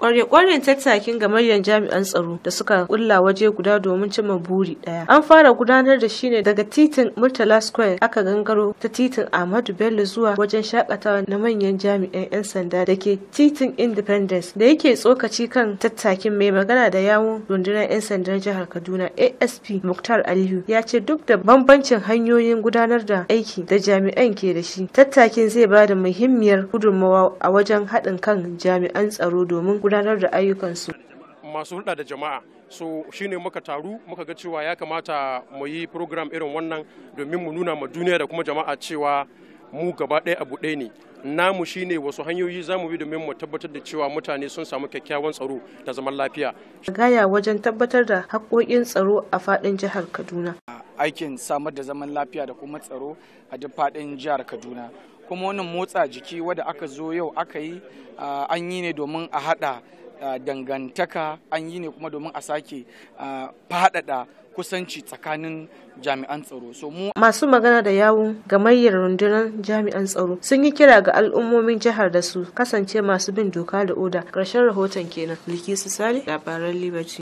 Kwarye-kwaryen tattakin gamayyar jami'an tsaro da suka kulla waje guda domin cimma buri daya. An fara gudanar da shi ne daga titin Murtala Square aka gangaro ta titin Ahmadu Bello zuwa wajen shakatawa na manyan jami'an 'yan sanda da ke titin Independence da yake tsokaci kan tattakin mai magana da yawun rundunar 'yan sandan jihar Kaduna ASP Muktar Aliyu ya ce duk da bambancin hanyoyin gudanar da aiki da jami'an ke da shi tattakin zai ba da muhimmiyar gudunmawa a wajen haɗin kan jami'an tsaro domin gudanar da ayyukansu. masu hulɗa da jama'a so shine muka taru muka ga cewa ya kamata mu yi program irin wannan domin mu nuna ma duniya da kuma jama'a cewa mu gaba ɗaya abu ɗaya ne namu shine wasu hanyoyi za mu bi domin mu tabbatar da cewa mutane sun samu kyakkyawan tsaro da zaman lafiya gaya wajen tabbatar da haƙoƙin tsaro a faɗin jihar kaduna aikin samar da zaman lafiya da kuma tsaro a duk faɗin jihar kaduna kuma wannan motsa jiki wadda aka zo yau aka yi an yi ne domin a haɗa dangantaka an yi ne kuma domin a sake faɗaɗa kusanci tsakanin jami'an tsaro. So masu magana da yawun gamayyar rundunar jami'an tsaro sun yi kira ga al'ummomin jihar da su kasance masu bin doka da oda. Ƙarshen rahoton kenan. Likisu Sale labaran Liberty.